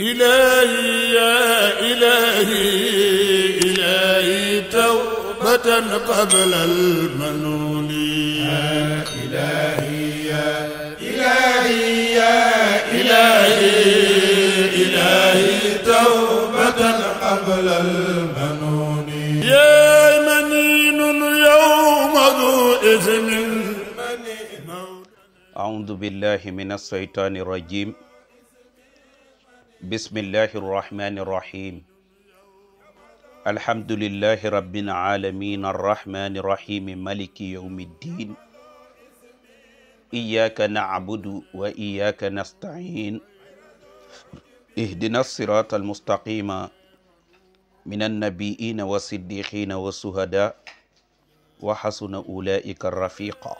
إلهي يا إلهي إلهي توبة قبل المنون يا إلهي يا إلهي يا إلهي إلهي توبة قبل المنون يا منين يوم ذو إثم أعوذ بالله من الشيطان الرجيم bismillahi arrahmani irrahim alhamdulilahi rabbil alamin arrahmani irrahimi maliki yawmi ddin iyyaka na'budu wa iyyaka nasta'in ihdina sirata almustaqima min annabiina wa siddiqina wa suhada wa xasuna ulaika rafiqa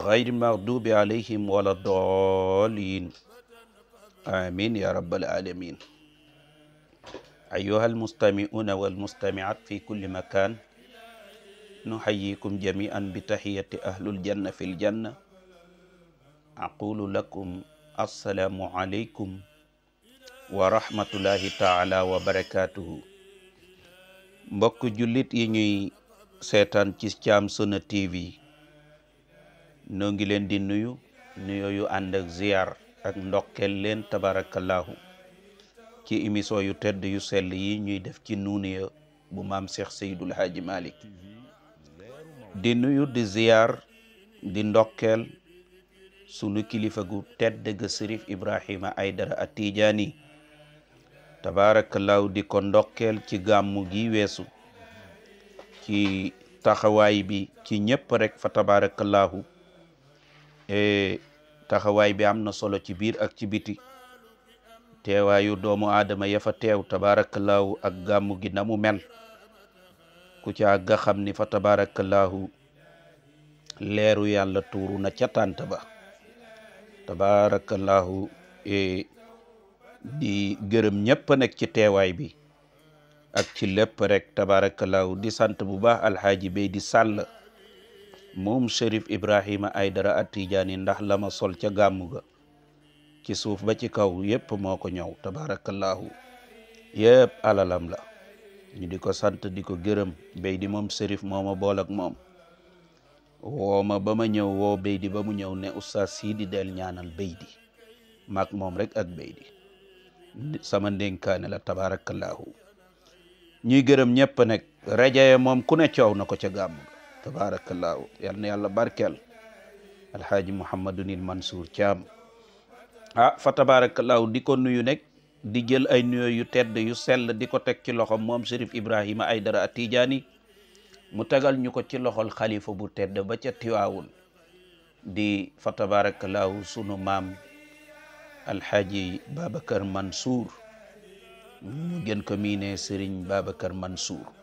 gayri magdubi alayhim wala dolin amin ya rabbal alamin ayuha almustamiuna walmustamiat fi kulli makan nuxayikum jamian bi taxiyati ahluljanna fi ljanna aqulu lakum assalaamu aleykum wa rahmatullahi taala wa barakatuhu mbokk jullit yi ñuy seetaan ci Thiam Sono TV noo ngi leen di nuyu nuyoo yu ànd ak ziyaar ak ndokkeel leen tabarakallahu ci émission yu tedd yu sell yi ñuy def ci nuuniya bu maam Cheikh Seydul Haaji Malick di nuyu di ziyaar di ndokkeel sunu kilifa gu tedd ga Sërif Ibrahima Aydara Atijaani tabarakallahu di ko ndokkeel ci gàmmu gi weesu ci taxawaay bi ci ñëpp rek fa tabarakallahu eh, taxawaay bi am na solo ci biir ak ci biti teewaayu doomu aadama ya fa teew tabaarakallaahu ak gàmmu gi na mu mel ku ca àgg xam ni fa tabaarakallaahu leeru yàlla tuuru na ca tànt ba tabaarakallaahu e, di gërëm ñëpp nekk ci teewaay bi ak ci lépp rekk tabaarakallaahu di sant bu baax alxaaji bay di sàll moom Cherif Ibrahima Aidara At-Tidjani ndax la ma sol ca gàmmu ga ci suuf ba ci kaw yépp moo ko ñëw tabaarakallaahu yépp alalam la ñu di ko sant di ko gërëm béy di moom Cherif moo ma bool ak moom woo ma ba ma ñëw woo béy di ba mu ñëw ne oustaz sii di del ñaanal béy di maag moom rek ak béy di sama ndénkaane la tabaarakallaahu ñuy gërëm ñépp nag rajo moom ku ne coow na ko ca gàmmu tabaarakallaahu yal na yàlla barkeel alxaaji mouhamadunil mansour thiam ah fa tabaarakallaahu di ko nuyu nekk di jël ay nuyoo yu tedd yu sell di ko teg ci loxom moom Cherif Ibrahima Aidara Tidiani mu tegal ñu ko ci loxol xalifa bu tedd ba ca Tiwaawun di fa tabaarakallaahu sunu maam alxaaji Babacar Mansour gen ko miine Serigne Babacar Mansour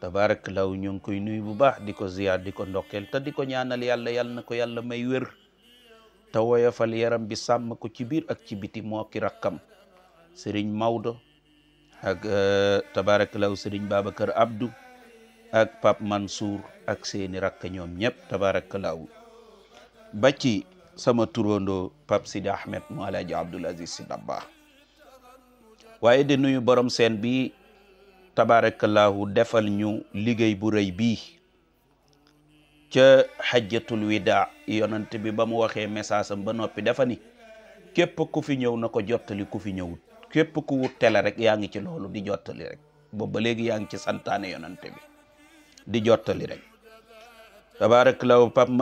tabaarakallaahu ñu ngi koy nuyu bu baax di ko ziyaar di ko ndokkeel te di ko ñaanal yàlla yàlla na ko yàlla may wér te woyofal yaram bi sàmm ko ci biir ak ci biti moo rakkam sëriñ Maodo ak euh, tabaarakallaahu sëriñ Babacar Abdou ak Pape Mansour ak seeni rakk ñoom ñëpp tabaarakallaahu ba ci sama turandoo Pape Sidi Ahmed mu Alaaji Abdoul Aziz Sy Dabakh nuyu borom seen bi tabaarakallaahu defal ñu liggéey bu rëy bii ca xajjatul wida yonent bi ba mu waxee message ba noppi dafa ni képp ku fi ñëw na ko jottali ku fi ñëwut képp ku wut tele rek yaa ngi ci loolu di jottali rek boobu ba léegi yaa ngi ci santaane yonent di jottali rek tabaarakallaahu Pape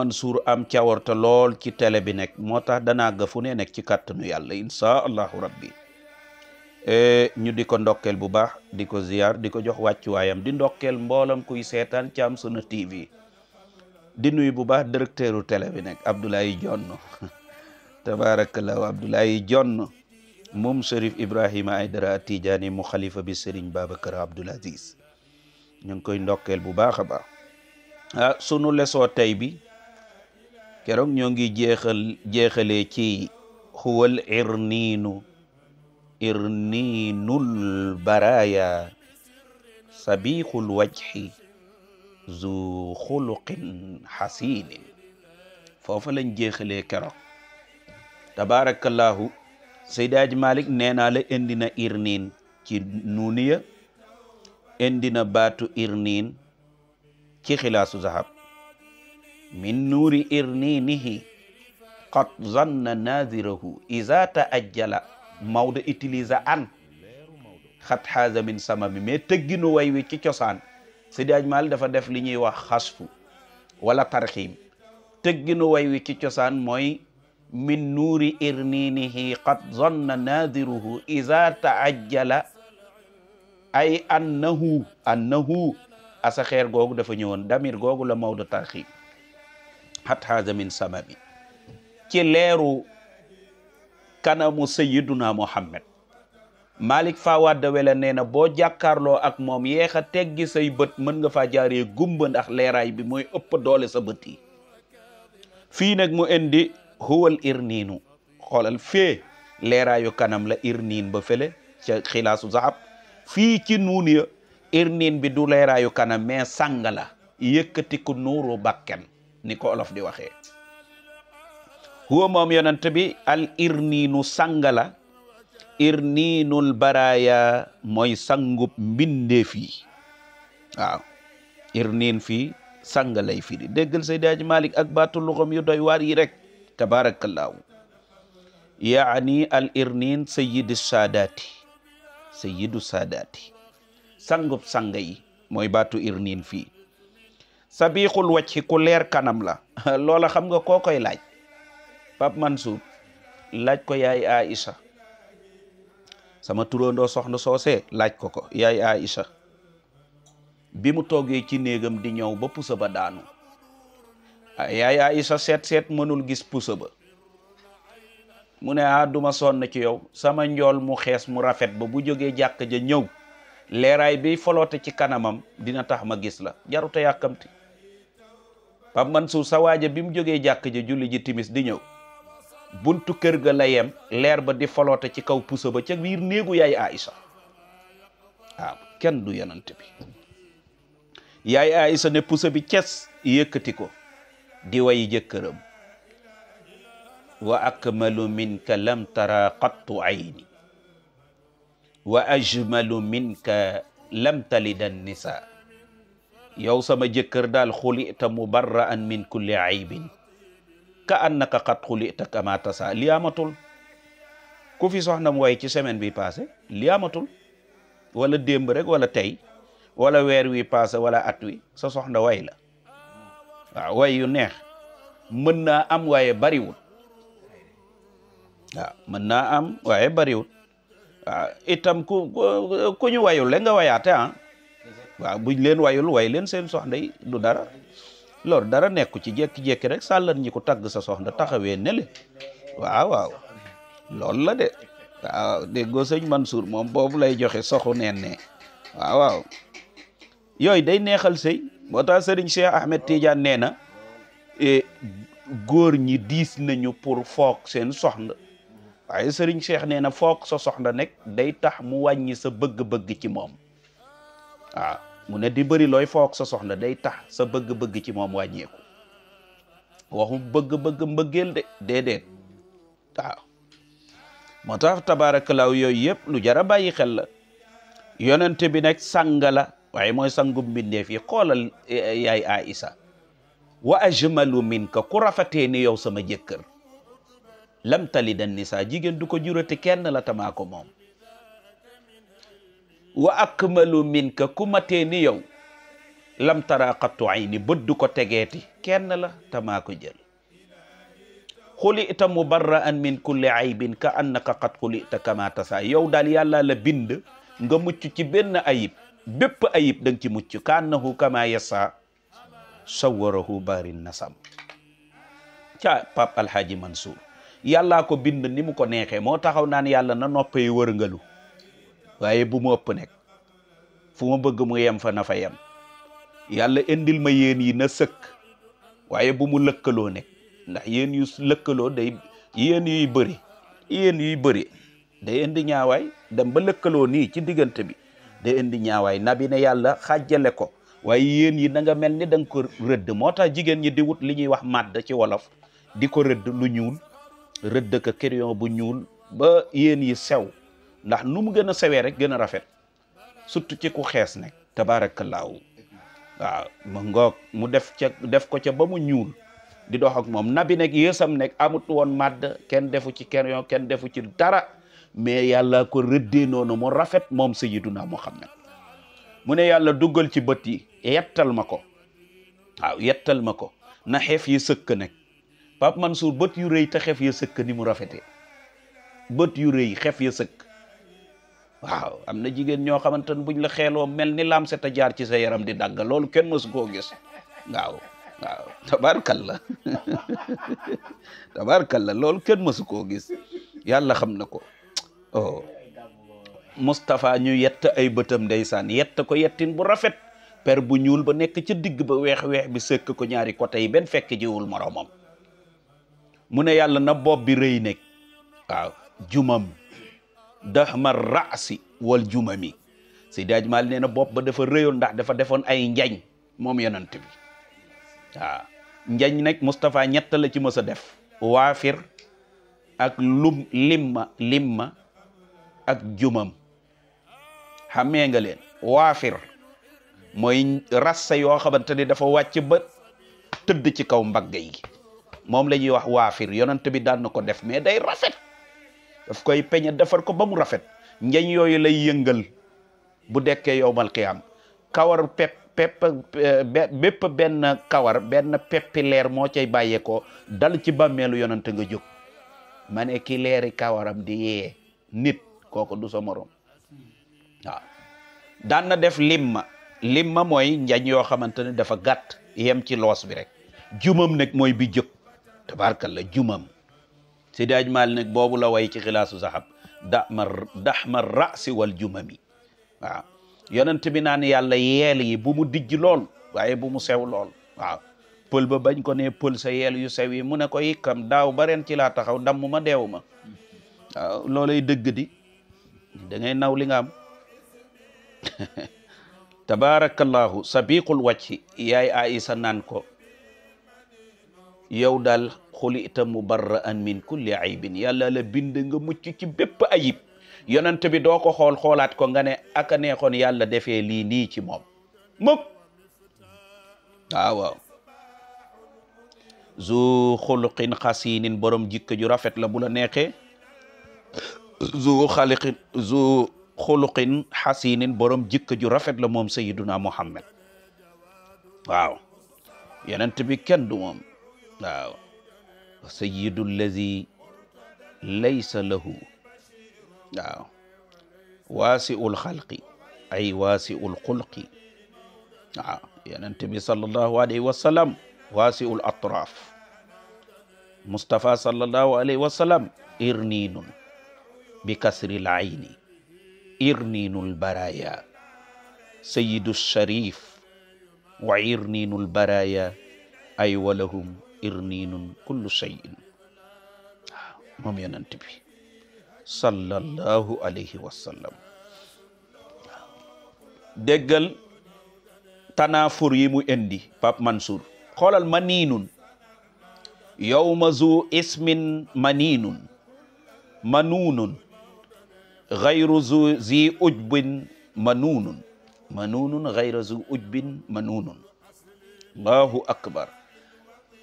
am cawarta lool ci tele bi nekk moo tax danaa ga fu ne nekk ci kàttanu yàlla insha allahu rabbi E, ñu di ko ndokkeel bu baax di ko ziyaar di ko jox wàccuwaayam di ndokkeel mboolam kuy seetaan Thiam Sono TV di nuyu bu baax directeur u télé bi nag Abdoulaye Jonn tabaarakallahu Abdoulaye Jonn moom Cherif Ibrahima mu xalifa bi Serigne Babacar Abdoul Aziz ñu ngi koy ndokkel bu baax a baax ah, sunu lesoo tey bi keroog ñoo ngi jeexal jeexalee ci xuwal irniinu irninul baraya sabiqul wajhi zu xuluqin xasinin foofa lañ jeexalee keroog tabarakallahu Seydi Aji Malik nee naa la indi na irnin ci nuuniya indi na baatu irnin ci xilaasu zahab min nuuri irninihi qad zanna naadirahu iza taajjala Maodo utiliser an xat xaaza min samami mais tëgginu way wi ci cosaan Seydi Aj Maalik dafa def li ñuy wax xasfu wala tarxiim tëgginu way wi cosaan mooy min nuuri irniinihi qad zanna naadiruhu iza taajjala ay annahu annahu asa xeer googu dafa ñëwoon damir googu la Maodo tarxiim xat min samami ci leeru kanamu sayyiduna Muhammad Malick Fawade Wele nee na boo jàkkaarloo ak moom yeex a teggi say bët mën nga faa jaaree gumba ndax leeraay bi mooy ëpp doole sa bët yi fii nag mu indi huwal irniinu xoolal fee leeraayu kanam la irniin ba fële ca xilaasu zahab fii ci nuun irnin bi du leeraayu kanam mais sàng la yëkkati nuuru bakken ni ko olof di waxee huwa moom yonent bi al irniinu sanga la irniinul mooy sangub mbindeef yi waaw irniin fii sang fi firi déggal Seydi ak baatu luxam yu doy waar yi rek tabaarakallaahu yaani al irniin sayyidu saadaati sayyidu saadaati sangub sang yi mooy baatu irniin fii sabiixul wacci ku leer kanam la loola xam nga koo koy laaj man Mansour laaj ko yaay a Aïcha sama turandoo soxna soosee laaj ko ko yaay Aïcha bi mu toogee ci néegam di ñëw ba pusa ba daanu ah, yaay Aïcha seet seet mënul gis pusa ba mu ne ah duma sonn ci yow sama njool mu xees mu rafet ba bu jógee jàkk ja ñëw leeraay bi foloote ci kanamam dina tax ma gis la jaruta yàkkamti Pape Mansour sa waaja bi mu jógee jàkk ja julli ji timis di ñëw buntu kër ga la yem leer ba di foloote ci kaw puso ba ca biir néegu yaay Aïcha waaw kenn du yonent bi yaay Aïcha ne puso bi ces yëkkati ko di way jëkkëram wa akmalu minka lam tara qattu ayni wa ajmalu minka lam talidan nisa yow sama jëkkër daal xulita mubarraan min kulli aybin ka annaka xat xulita kama tasa li amatul ku fi soxnam way ci semaine bi paase li amatul wala démb rek wala tey wala weer wi passé wala at wi sa soxna way la waaw way yu neex mën naa am waye bariwul waaw mën na am waaye bariwul waaw itam ku ku ñu wayul le nga wayaate ah waaw leen wayul way leen seen soxna yi du dara loolu dara nekku ci jékki-jékki rek sàllan ñi ko tagg sa soxna taxawee nele waaw waaw loolu la de waaw déggoo man Mansour moom boobu lay joxe soxu neen ne waaw waaw yooyu day neexal sëy moo tax sëriñ Cheikh Ahmed Tidiane nee na e, góor ñi diis nañu pour foog seen soxna waaye sëriñ Cheikh nee na foog sa soxna nekk day tax mu wàññi sa bëgg-bëgg ci moom waaw mu ne di bëri looy foog sa soxna day tax sa bëgg-bëgg ci moom wàññeeku waxum bëgg-bëgg mbëggeel de déedéet waaw moo tax tabaarakalaaw yooyu yëpp lu jar a bàyyi xel la yonente bi nag sànga waaye mooy sangum mbindeef yi xoolal e, e, yaay Aïssa wa ajmalu minka ku rafetee ni yow sama jëkkër lam talida nisa jigéen du ko jurati kenn la tamaa ko moom wa akmalu minka ku matee ni yow lam tara qattu ayni bët du ko tegeti kenn la te maa ko jël xulita mubarraan min kulli aybin ka annaka qad xulita kama tasa yow daal yàlla la bind nga mucc ci benn ayib bépp ayib da nga ci mucc ka annahu kama yasa sawarahu barin nasam ca Pape Alhaji Mansour yàllaa ko bind ni mu ko neexee moo taxaw naan yàlla na noppee wërngalu waaye bu mu ëpp nekk fu ma bëgg mu yem fa nafa yem yàlla indil ma yéen yi na sëkk waaye bu mu lëkkaloo nekk ndax yéen yu lëkkaloo da yéen yuy bëri yéen yuy bëri day indi ñaawaay dem ba lëkkaloo nii ci diggante bi day indi ñaawaay nabi na yàlla xàjjale ko waaye yéen yi da nga mel ni da ko rëdd moo tax jigéen ñi di wut li ñuy wax màdd ci wolof di ko rëdd lu ñuul rëdd ka crayon bu ñuul ba yéen yi sew ndax nu mu gën a sawee rek gën a rafet surtout ci ku xees nekk tabaarakallaahu a ma ngoog mu def ca def ko ca ba mu ñuul di dox ak moom nabi nekk yësam nekk amut woon màdd kenn defu ci kerion yoon kenn defu ci dara mais yàlla ko rëddee noonu mu rafet moom sayyiduna Muhammad mu ne yàlla duggal ci bët yi yettal ma ko waaw yettal ma ko na xeef yi sëkk nekk man Mansour bët yu rëy te xef ya sëkk ni mu rafetee bët yu rëy xef ya sëkk waaw am na jigéen ñoo xamante ne buñ la xeeloo mel ni lam set jaar ci sa yaram di dagg loolu kenn mësu koo gis waaw waaw tabaarkalla tabaarkalla loolu kenn mësu koo gis yàlla xam na ko oh Moustapha ñu yett ay bëtam saan yett ko yettin bu rafet per bu ñuul ba nekk ca digg ba weex-weex bi sëkk ko ñaari côté yi benn fekk jiwul moroomam mu ne yàlla na bopp bi rëy nekk waaw jumam dahma raasi wal jumami Seydi Hadji Malick nee bopp ba dafa rëyoon ndax dafa defoon ay njañ moom yonent bi waaw njañ nag Moustapha ñett la ci mës a def waafir ak lum limma limma ak jumam xammee nga leen waafir mooy rassa yoo xamante ni dafa wàcc ba tëdd ci kaw mbagg yi moom la ñuy wax waafir yonent bi daan na ko def mais day rafet daf koy peñe defar ko ba mu rafet ngeñ yooyu lay yëngal bu dekkee yowmal qiyaam kawar pepp pepp eh, benn kawar benn peppi leer moo cay bàyyeekoo dal ci bàmmeelu yonent nga jóg mane ne ki leeri kawaram di yee nit kooku du sa morom def limma limma mooy njañ yoo xamante ne dafa gàtt yem ci loos bi rek jumam nag mooy bi jóg tabarkalla jumam Seydi Aj Maalik nag boobu la way ci xilaasu zahab dama daxma wal jumami waaw yonent bi naan yàlla yeel yi bu mu dijj lool waaye bu mu sew lool waaw pël ba bañ ko ne pël sa yeel yu sew yi mu ne ko yikkam daaw ba ren ci laa taxaw damm ma deew ma waaw loolay dëgg di da ngay naw li nga am tabaarakallaahu sabiqul wàcc yaay Aïssa naan ko yow daal xulita mubarraan min kulli aybin yàlla la bind nga mucc ci bépp ayib yonent bi doo ko xool xoolaat ko nga ne aka neexoon yàlla defee lii nii ci moom mukk waaw waaw zu xuluqin xasinin borom jikko rafet la bu la neexee zu xaliqin zu xuluqin xasinin borom jikko ju rafet la moom sayiduna muhammad waaw yonent bi kenn waaw sayyidu llazi laysa lahu waaw waasiul xalqi ay waasiul xulqi waaw yonent bi sallallahu alayhi wa sallam waasiul atraaf Mustapha sallallahu alayhi wa sallam irniinun bi kasril ayni irniinul baraya sayyidu sharif wa irniinul baraya ay walahum irniinun kullu shay'in moom yonent bi sallallahu alayhi wa sallam déggal tanaafur yi mu indi Pape Mansour xoolal maniinun yawma zu ismin maniinun manuunun xayru zu zi ujbin manuunun manuunun xayru zu ujbin manuunun allahu akbar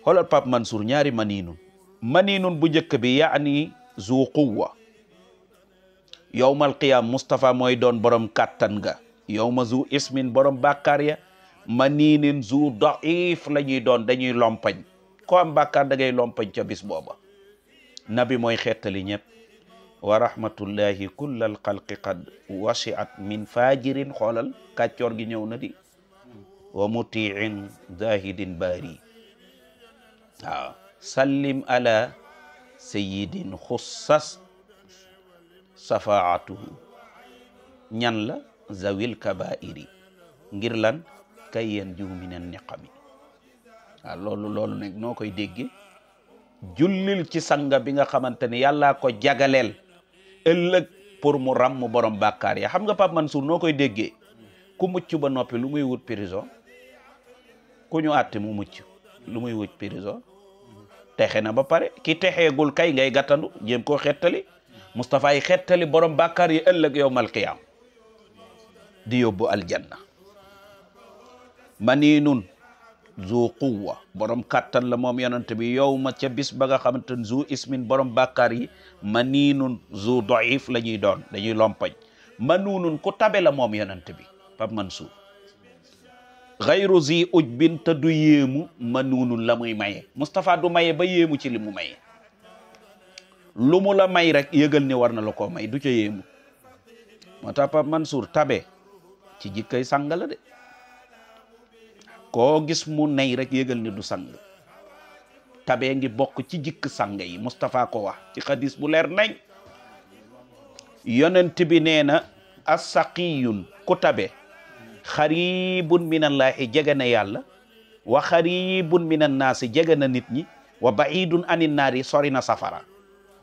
xoolal Pape Mansour ñaari maniinun maniinun bu njëkk bi yaani zu quwwa yowmal qiyam Moustapha mooy doon borom kàttan ga yowma zu ismin borom bàkkaar ya maniinin zu daif la doon dañuy lompañ ko am bàkkaar lompañ ca bis booba nabi mooy xettali ñëpp wa rahmatullahi kullal xalqi qad xoolal kàccoor gi ñëw na di wa mutiin zahidin baari waaw sallim ala sayidin xussas safaatu ñan la zawil kabairi ngir lan kay yeen jiw minan niqami waaw loolu loolu nag noo koy dégge jullil ci sanga bi nga xamante ne laa ko jagalel ëllëg pour mu ram mu borom bàkkaar ya xam nga Pape Mansour noo koy déggee ku mucc ba noppi lu muy wut prison ku ñu àtte mu mucc lu muy wëj prison texe na ba pare ki texeegul kay ngay gàttandu jéem koo xettali Moustapha yi xettali borom bàkkaar yi ëllëg yowmal di yóbbu aljanna maniinun zu quwwa borom kàttan la moom yonent bi yow ma ca bis ba nga xamante ne zu ismin borom bàkkaar yi maniinun zu doif la ñuy doon dañuy lompoñ manuunun ku tabe la moom yonent bi man Mansour xayru zi uj bin te du yéemu manuunun la may maye Moustapha du maye ba yéemu ci limu mu maye lu mu la may rek yëgal ni war na la koo may du ca yéemu moo tax Pape Mansour tabe ci jikkay sang la de koo gis mu nay rek yëgal ni du sang tabe ngi bokk ci jikk sang yi Moustapha ko wax ci xadis bu leer nañ yonent bi nee a asaqiyun ku tabe xaribun minallaahi jege na yàlla wa xaribun minannaasi jege na nit ñi wa baidun anin naari sori na safara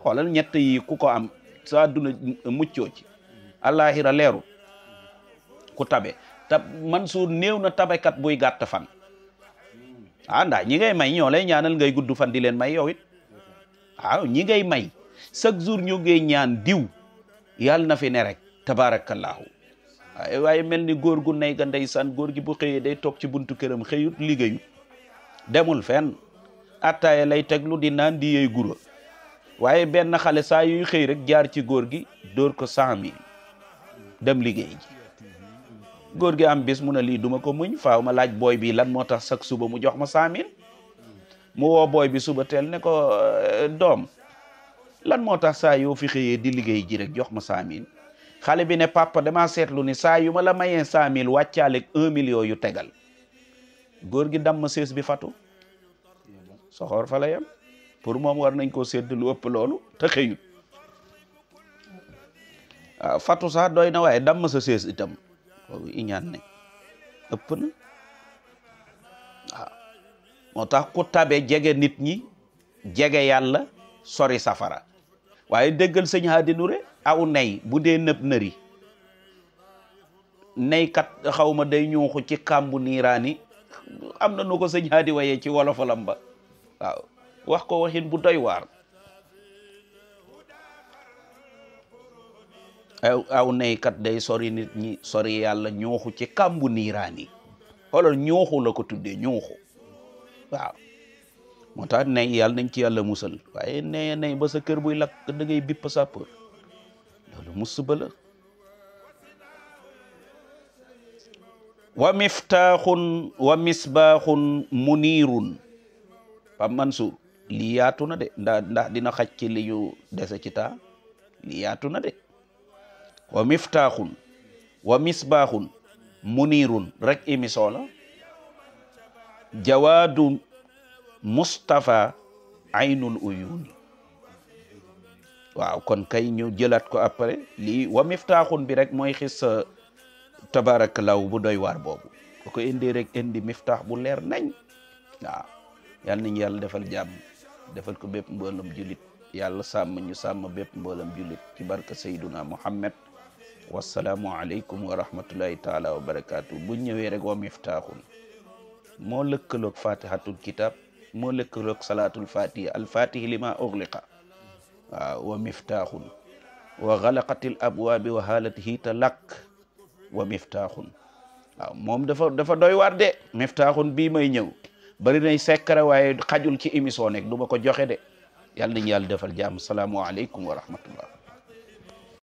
xoolal ñett yi ku ko am sa adduna muccoo ci àllaaxira leeru ku tabe te Mansour néew na tabekat buy gàtt fan ah ndaa ñi ngay may ñoo lay ñaanal ngay gudd fan di leen may yow it waaw ah, ñi ngay may chaque jour ñu ngay ñaan diw yàll na fi ne rek tabaarakallaahu waaye mel ni góor gu nay ga ndeysaan góor gi bu xëyee day toog ci buntu këram xëyut liggéeyut demul fenn attaaya lay teglu di naan di yey guro waaye benn xale saa yuy xëy rek jaar ci góor gi dóor ko cent dem liggéey ji góor gi am bis mu ne lii duma ko muñ faaw ma laaj booy bi lan moo tax sag suba mu jox ma cent mille mu woo booy bi suba teel ne ko euh, doom lan moo tax saa yoo fi xëyee di liggéey ji rek jox ma cent xale bi ne papa dama seetlu ni saa yu ma la mayee cent mille wàccaaleeg un million yu tegal góor gi damm sées bi fatu soxoor fa la yem pour moom war nañ koo sédd lu ëpp loolu te xëyut ah, fatu sax doy na waaye damm sa sées itam kooku iñaan nañ ëpp ah, tax ku tabe jege nit ñi jege yàlla sori safara waaye déggal sëñ Hadi Nouré aw nay bu dee nëb nëri naykat xawma day ñuuxu ci kàmbu niiraani am na nu ko sëñ haadi wayee ci wolofalam ba waaw wax ko waxin bu doy waar aw aw naykat day sori nit ñi sori yàlla ñuuxu ci kàmbu niiraani xoolal ñuuxu la ko tuddee ñuuxu waaw moo tax nay yàlla nañ ci yàlla musal waaye nay ba sa kër buy lakk da ngay bipp loolu musiba la wa miftaaxun wa misbaaxun muniirun pam Mansour lii yaatu na de ndax ndax dina xaj ci li ñu dese ci taa lii yaatu na de wa miftaaxun wa misbaaxun muniirun rek émission la jawaadu Mustapha aynul uyuuni waaw kon kay ñu jëlaat ko après lii wa miftaaxun bi rek mooy xis tabaarakallaahu bu doy waar boobu bu ko indi rek indi miftaax bu leer nañ waaw yal nañu yàlla defal jàmm defal ko bépp mboolam jullit yàlla sàmm ñu sàmm bépp mboolam jullit ci barka sayduna muhammad wasalaamu aleykum wa rahmatullahi taala wa barakaatu bu ñëwee rek wa miftaaxun moo lëkkaloog fatihatul kitab moo lëkkaloog salaatul fatiha al fatihi lima ugliqa wa miftaaxun wa xalaqatil abwaabi wa haalatihi ta lakk wa miftaaxun waaw moom dafa dafa doy waar de miftaaxun bii may ñëw bari nay sekkara waaye xajul ci émission nekk du ma ko joxe de yàlla nañu yàlla defal jàmm salaamualeykum wa rahmatullah